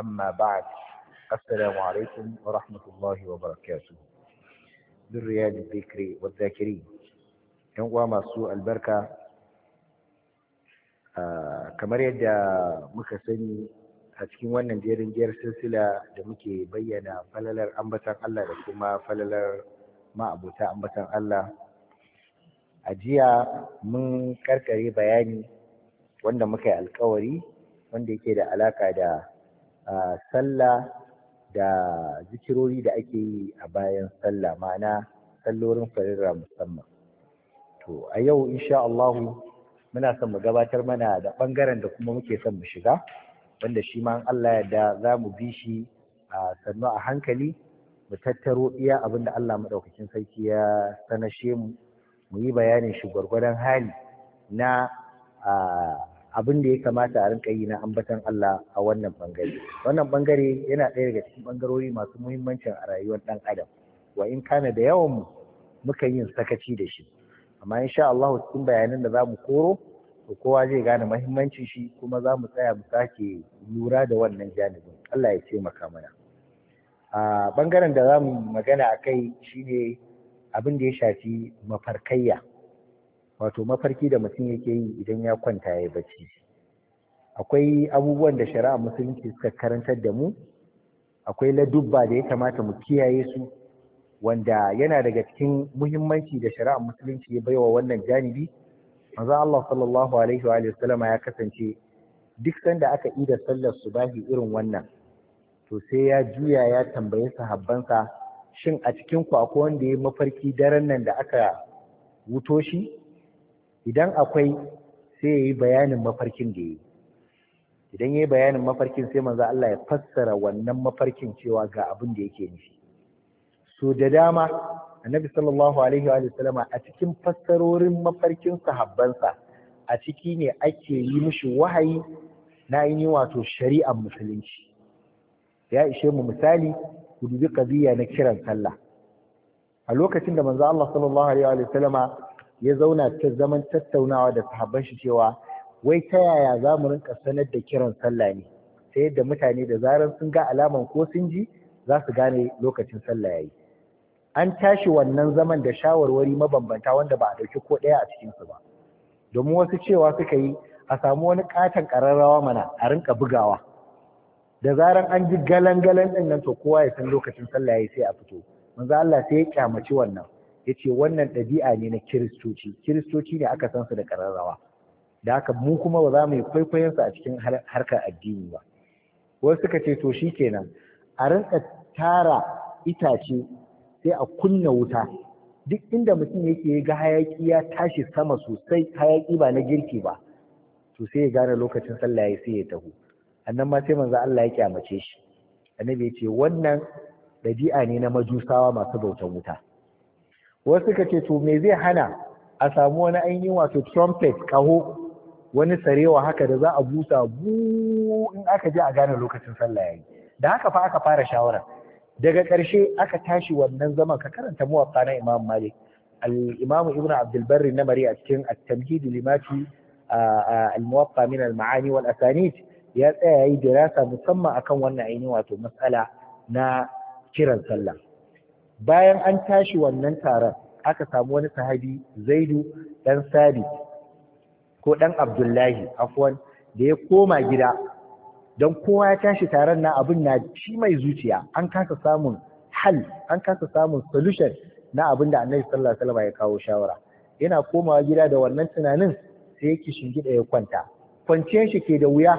أما wa السلام عليكم ورحمة الله وبركاته ذريات الذكر والذاكرين ينقوى uwa masu albarka, kamar yadda muka sani a cikin wannan jerin jiyar silsila da muke bayyana falalar ambatan Allah da kuma falalar ma'abuta ambatan Allah a jiya mun karkare bayani wanda muka yi alkawari wanda yake da alaka da sallah da zikirori da ake yi a bayan sallah ma'ana sallorin farilla musamman to a yau insha Allah muna son mu gabatar mana da ɓangaren da kuma muke son mu shiga wanda shi ma Allah yarda za mu bi shi a sannu a hankali mu tattaro iya abin da Allah maɗaukakin sarki ya sanashe mu mu yi bayanin shi gwargwadon hali na abin da ya kamata a rinka yi na ambatan Allah a wannan bangare wannan bangare yana ɗaya daga cikin bangarori masu muhimmancin a rayuwar ɗan adam wa in kana da yawan mu muka yin sakaci da shi amma insha Allah cikin bayanan da zamu koro to kowa zai gane muhimmancin shi kuma za mu tsaya mu sake lura da wannan janibin Allah ya taimaka mana a bangaren da za mu magana a kai shine abin da ya shafi mafarkayya wato mafarki da mutum yake yi idan ya kwanta ya yi bacci akwai abubuwan da shari'a musulunci suka karantar da mu akwai ladubba da ya kamata mu kiyaye su wanda yana daga cikin muhimmanci da shari'a musulunci ya baiwa wannan janibi manzo Allah sallallahu alaihi wa sallama ya kasance duk sanda aka yi da sallar subahi irin wannan to sai ya juya ya tambaye sahabbansa shin a cikin ku akwai wanda ya mafarki daren nan da aka wuto shi idan akwai sai ya yi bayanin mafarkin da ya yi idan ya yi bayanin mafarkin sai manzo Allah ya fassara wannan mafarkin cewa ga abin da yake nufi so da dama annabi sallallahu alaihi wa sallama a cikin fassarorin mafarkin sahabbansa a ciki ne ake yi mishi wahayi na yi wato shari'ar musulunci ya ishe mu misali ku dubi qadiya na kiran sallah a lokacin da manzo Allah sallallahu alaihi wa sallama ya zauna ta zaman tattaunawa da sahabban shi cewa wai ta yaya za mu rinka sanar da kiran sallah ne ta yadda mutane da zarar sun ga alaman ko sun ji za su gane lokacin sallah yayi an tashi wannan zaman da shawarwari mabambanta wanda ba a ɗauki ko ɗaya a su ba domin wasu cewa suka yi a samu wani katon ƙararrawa mana a rinka bugawa da zarar an ji galan-galan ɗin nan to kowa ya san lokacin sallah yayi sai a fito manzo Allah sai ya kyamaci wannan Ya ce wannan ɗabi'a ne na kiristoci kiristoci ne aka san su da ƙararrawa da haka mu kuma ba za mu yi kwaikwayon a cikin harkar addini ba wasu suka ce to shi kenan a rinka tara itace sai a kunna wuta duk inda mutum yake ga hayaki ya tashi sama sosai hayaƙi ba na girki ba to sai ya gane lokacin sallah ya sai ya taho annan ma sai manzo Allah ya kyamace shi annabi ya ce wannan ɗabi'a ne na majusawa masu bautan wuta wasu suka ce to me zai hana a samu wani ainihin wato trumpet kaho wani sarewa haka da za a busa bu in aka je a gane lokacin sallah yayi da haka fa aka fara shawara daga ƙarshe aka tashi wannan zaman ka karanta muwaffa na Imam Malik al-Imam Ibn Abdul Barri na Mari a cikin at-Tamhid limati al-Muwaffa min al-Ma'ani wal Asanid ya tsaya yayi dirasa musamman akan wannan ainihin wato matsala na kiran sallah bayan an tashi wannan taron aka samu wani sahabi zaidu dan sabit ko dan abdullahi afwan da ya koma gida don kowa ya tashi taron na abin na shi mai zuciya an kasa samun hal an kasa samun solution na abin da annabi sallallahu alaihi wasallam ya kawo shawara yana komawa gida da wannan tunanin sai yake shingida ya kwanta kwanciyar shi ke da wuya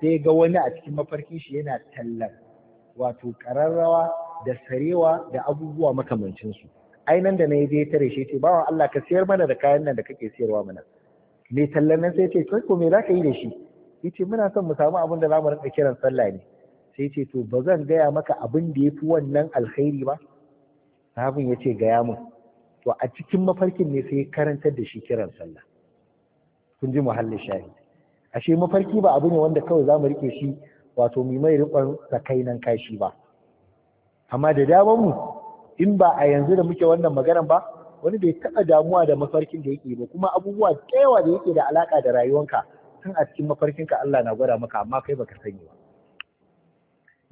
sai ga wani a cikin mafarkin shi yana tallan wato kararrawa da sarewa da abubuwa makamancinsu ai nan da na je tare shi ce bawan Allah ka siyar mana da kayan nan da kake siyarwa mana me tallan nan sai ce ko me zaka yi da shi yace muna son mu samu abin da zamu rinka kiran sallah ne sai ce to ba zan gaya maka abin da yafi wannan alkhairi ba sahabin yace gaya mun to a cikin mafarkin ne sai karantar da shi kiran sallah kun ji muhallin Shari. ashe mafarki ba abu ne wanda kawai zamu rike shi wato mai mai rikon sakainan kashi ba amma da damar mu in ba a yanzu da muke wannan maganar ba wani bai taɓa damuwa da mafarkin da yake ba kuma abubuwa da yawa da yake da alaƙa da rayuwanka tun a cikin mafarkin ka Allah na gwada maka amma kai baka sani ba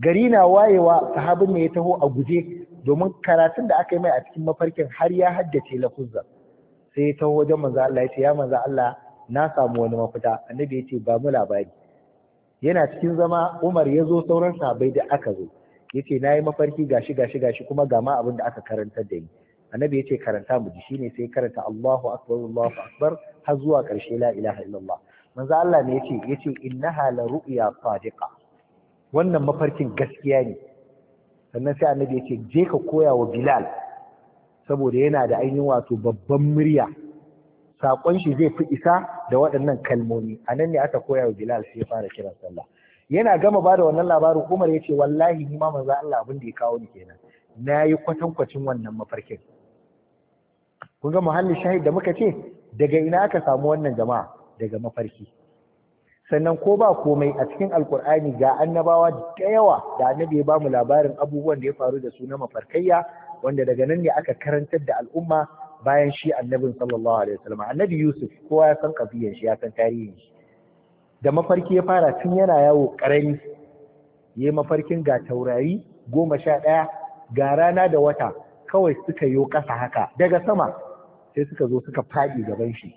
gari na wayewa sahabin ne ya taho a guje domin karatun da aka yi mai a cikin mafarkin har ya haddace lafuzza sai ya taho wajen manzo Allah ya ce ya manzo Allah na samu wani mafita annabi ya ce ba mu labari yana cikin zama Umar ya zo sauran sahabbai da aka zo yace nayi mafarki gashi gashi gashi kuma ga ma abin da aka karantar da ni annabi yace karanta mu ji shine sai karanta Allahu akbar Allahu akbar har zuwa karshe la ilaha illallah manzo Allah ne yace yace innaha la ru'ya sadiqa wannan mafarkin gaskiya ne sannan sai annabi yace je ka koya wa Bilal saboda yana da ainihin wato babban murya saƙon shi zai fi isa da waɗannan kalmomi a nan ne aka koya wa Bilal sai ya fara kiran sallah yana gama ba da wannan labarin Umar ya ce wallahi ni ma manzo Allah abin da ya kawo ni kenan na yi kwatankwacin wannan mafarkin kun ga muhallin shahid da muka ce daga ina aka samu wannan jama'a daga mafarki sannan ko ba komai a cikin alkur'ani ga annabawa da yawa da annabi ya bamu labarin abubuwan da ya faru da su na mafarkayya wanda daga nan ne aka karantar da al'umma bayan shi annabin sallallahu alaihi wasallam annabi yusuf kowa ya san kafiyar shi ya san tarihin shi da mafarki ya fara tun yana yawo ƙarami ya yi mafarkin ga taurari goma sha ɗaya ga rana da wata kawai suka yi ƙasa haka daga sama sai suka zo suka faɗi gaban shi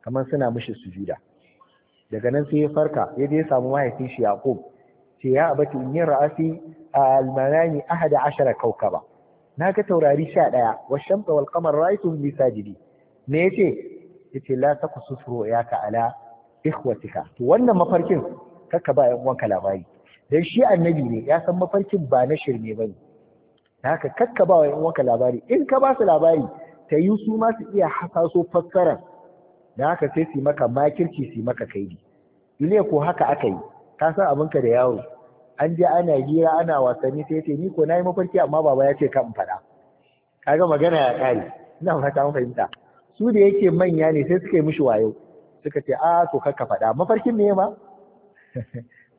kamar suna mishi sujuda daga nan sai ya farka ya je samu mahaifin shi Yaqub ce ya abati in yin ra'asi a almanani ahada ashara kaukaba na ga taurari sha ɗaya wa shamsa wal qamar ra'aytuhum li sajidi me yace yace la ya ya ala ikhwatika to wannan mafarkin kakka ba yan uwanka labari dan shi annabi ne ya san mafarkin ba na shirme bane haka kakka ba yan uwanka labari in ka ba su labari ta yi su ma su iya hasaso fassara Na haka sai su maka makirci su maka kaidi ile ko haka aka yi ka san abinka da yaro. an je ana gira ana wasanni sai ce ni ko nayi mafarki amma baba ya ce ka in faɗa kaga magana ya kare ina fata mun fahimta su da yake manya ne sai suka yi mishi wayo suka ce a ah, to kakka faɗa mafarkin me ma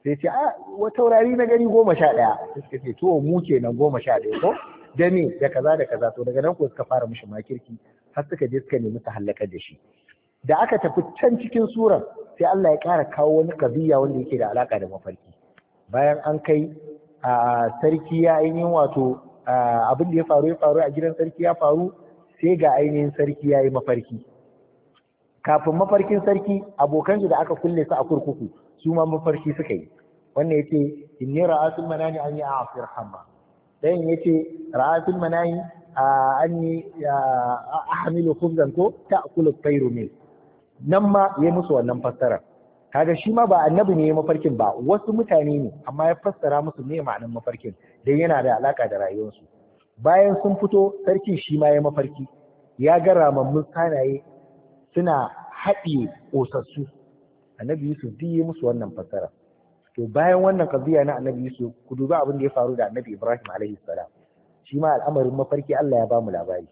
sai ce a ah, wata taurari na gari goma sha ɗaya suka ce to mu kenan goma sha ɗaya ko da me da kaza da kaza to daga nan ko suka fara mishi makirki har suka je suka nemi ta halakar da shi da aka tafi can cikin suran, sai Allah ya ƙara kawo wani kabiya wanda yake da alaka da mafarki bayan an kai a sarki ya ainihin wato abin da ya faru ya faru a gidan sarki ya faru sai ga ainihin sarki ya yi mafarki kafin mafarkin sarki abokan shi da aka kulle su a kurkuku su ma mafarki suka yi wannan yace inni ra'atul manani an ya'fir hamma dan yace ra'atul manani anni ahmilu khubzan ko ta'kulu tayru min nan ma yayi musu wannan fassara kaga shi ma ba annabi ne mafarkin ba wasu mutane ne amma ya fassara musu me ma'anar mafarkin dan yana da alaka da rayuwarsu bayan sun fito sarki shi ma ya mafarki ya ga ramammun sanaye suna haɗiye ƙosassu annabi yusuf duk yi musu wannan fassara to bayan wannan kaziya na annabi su, ku dubi abin da ya faru da annabi ibrahim alaihi salam shi ma al'amarin mafarki Allah ya bamu labari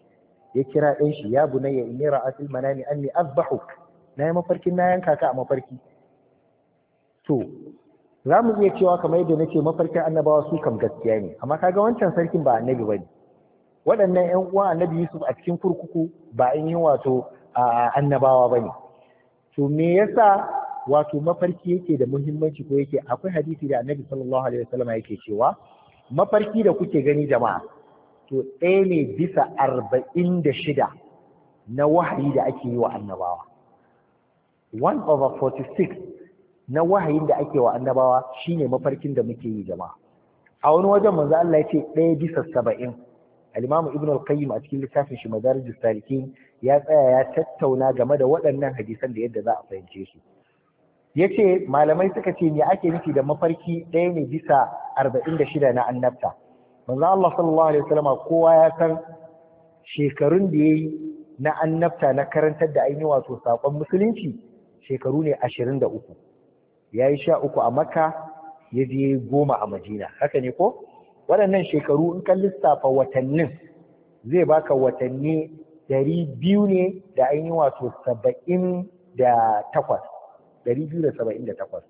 ya kira ɗan shi ya bunayya inni ra'atil manami anni azbahuk na yi mafarkin na yanka ka a mafarki to za mu iya cewa kamar yadda ce mafarkin annabawa su kam gaskiya ne amma kaga wancan sarkin ba annabi ne. waɗannan ƴan uwan annabi Yusuf a cikin kurkuku ba in yi wato annabawa bane to me yasa wato mafarki yake da muhimmanci ko yake akwai hadisi da annabi sallallahu alaihi wasallam yake cewa mafarki da kuke gani jama'a to ɗaya ne bisa arba'in da shida na wahayi da ake yi wa annabawa one over forty six na wahayin da ake wa annabawa shine mafarkin da muke yi jama'a a wani wajen manzo Allah ya ce ɗaya bisa saba'in al-Imam Ibn al-Qayyim a cikin littafin shi Madarij salikin ya tsaya ya tattauna game da waɗannan hadisan da yadda za a fahimce su yace malamai suka ce me ake nufi da mafarki ɗaya ne bisa 46 na annabta manzo Allah sallallahu alaihi wasallam kowa ya san shekarun da yayi na annabta na karantar da ainihi wato sakon musulunci shekaru ne 23 yayi 13 a Makka ya je goma a Madina haka ne ko waɗannan shekaru in ka lissafa watannin zai baka watanni dari biyu ne da an yi wato saba'in da takwas dari biyu da saba'in da takwas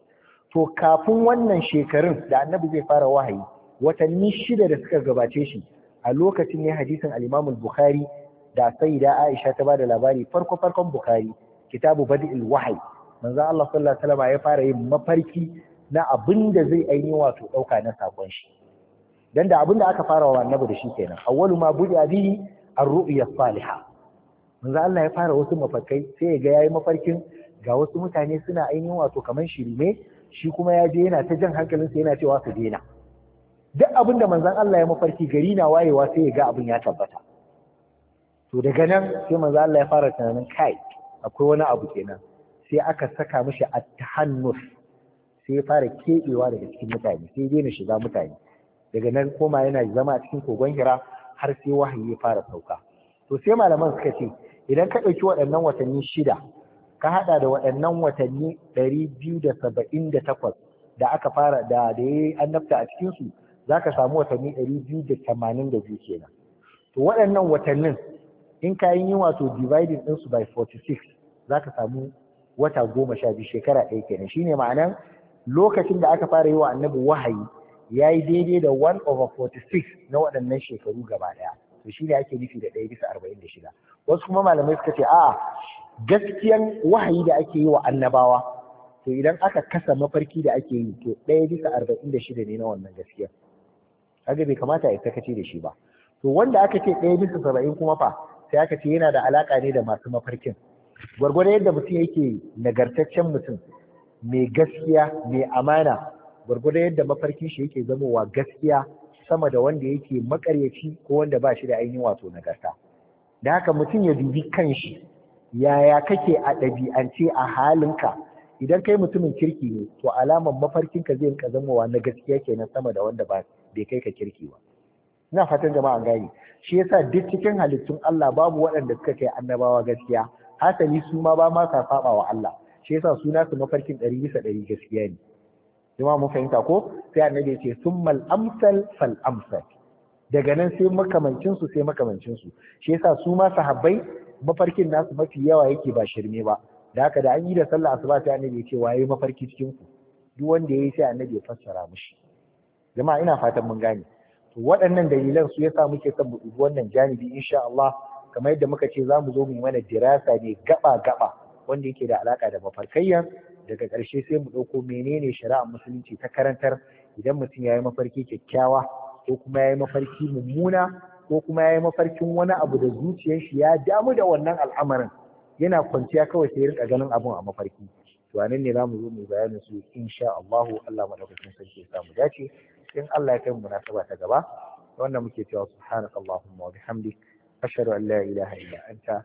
to kafin wannan shekarun da annabi zai fara wahayi watanni shida da suka gabace shi a lokacin ne hadisin alimamul bukhari da saida aisha ta bada labari farko farkon bukhari kitabu badil wahayi manzo Allah sallallahu alaihi ya fara yin mafarki na abin da zai aini wato dauka na sakon shi dan da abinda aka fara wa annabi da shi kenan awwalu ma budi abi ar-ru'ya salihah manzo Allah ya fara wasu mafarkai sai ya ga yayi mafarkin ga wasu mutane suna ainihin wato kaman shirme shi kuma ya je yana ta jan hankalinsa yana cewa su dena. duk abinda da manzon Allah ya mafarki gari na wayewa sai ya ga abin ya tabbata to daga nan sai manzon Allah ya fara tunanin kai akwai wani abu kenan sai aka saka mishi at-tahannus sai ya fara kebewa daga cikin mutane sai ya daina shiga mutane daga nan koma yana zama a cikin kogon hira har sai wahayi ya fara sauka to sai malaman suka ce idan ka ɗauki waɗannan watanni shida ka haɗa da waɗannan watanni ɗari biyu da saba'in da takwas da aka fara da da ya annabta a cikinsu za ka samu watanni ɗari biyu da tamanin da biyu kenan to waɗannan watannin in ka yi yin wato dividing ɗinsu by 46 za ka samu wata goma sha biyu shekara ɗaya kenan shine ma'anan lokacin da aka fara yi wa annabi wahayi ya yi daidai da 1 over 46 na waɗannan shekaru gaba ɗaya to shi ne ake nufi da ɗaya bisa arba'in da shida wasu kuma malamai suka ce a gaskiyan wahayi da ake yi wa annabawa to idan aka kasa mafarki da ake yi to ɗaya bisa arba'in da shida ne na wannan gaskiya kaga bai kamata a sakaci da shi ba to wanda aka ce ɗaya bisa saba'in kuma fa sai aka ce yana da alaƙa ne da masu mafarkin Gwargwadon yadda mutum yake nagartaccen mutum mai gaskiya mai amana gwargwadon yadda mafarki shi yake zamowa gaskiya sama da wanda yake makaryaci ko wanda ba shi da ainihin wato nagarta da haka mutum ya dubi kanshi yaya kake a ɗabi'ance a halinka idan kai mutumin kirki ne to alaman mafarkinka zai rinka zamowa na gaskiya kenan sama da wanda ba bai kai ka kirki ba ina fatan jama'a gani shi yasa duk cikin halittun Allah babu waɗanda suka kai annabawa gaskiya hasali su ma ba ma sa saba wa Allah shi yasa suna su mafarkin ɗari bisa ɗari gaskiya ne jama'a mun fahimta ko sai annabi ya ce summal amsal fal amsal daga nan sai makamancin su sai makamancin su shi yasa su ma sahabbai mafarkin nasu mafi yawa yake ba shirme ba da haka da an yi da sallah asuba sai annabi ya ce waye mafarki cikin ku duk wanda yayi sai annabi ya fassara mushi jama'a ina fatan mun gane to waɗannan dalilan su yasa muke son mu dubi wannan janibi insha Allah kamar yadda muka ce za mu zo mu yi mana dirasa ne gaba gaba wanda yake da alaka da mafarkayya daga ƙarshe sai mu ɗauko menene shari'ar musulunci ta karantar idan mutum ya yi mafarki kyakkyawa ko kuma ya yi mafarki mummuna ko kuma ya yi mafarkin wani abu da zuciyar shi ya damu da wannan al'amarin yana kwanciya kawai sai rinka ganin abun a mafarki to anan ne zamu zo mu bayanin su insha Allah Allah madaukakin sarki ya samu dace in Allah ya kai mu munasaba ta gaba wannan muke cewa subhanakallahumma wa bihamdik ashhadu an la ilaha illa anta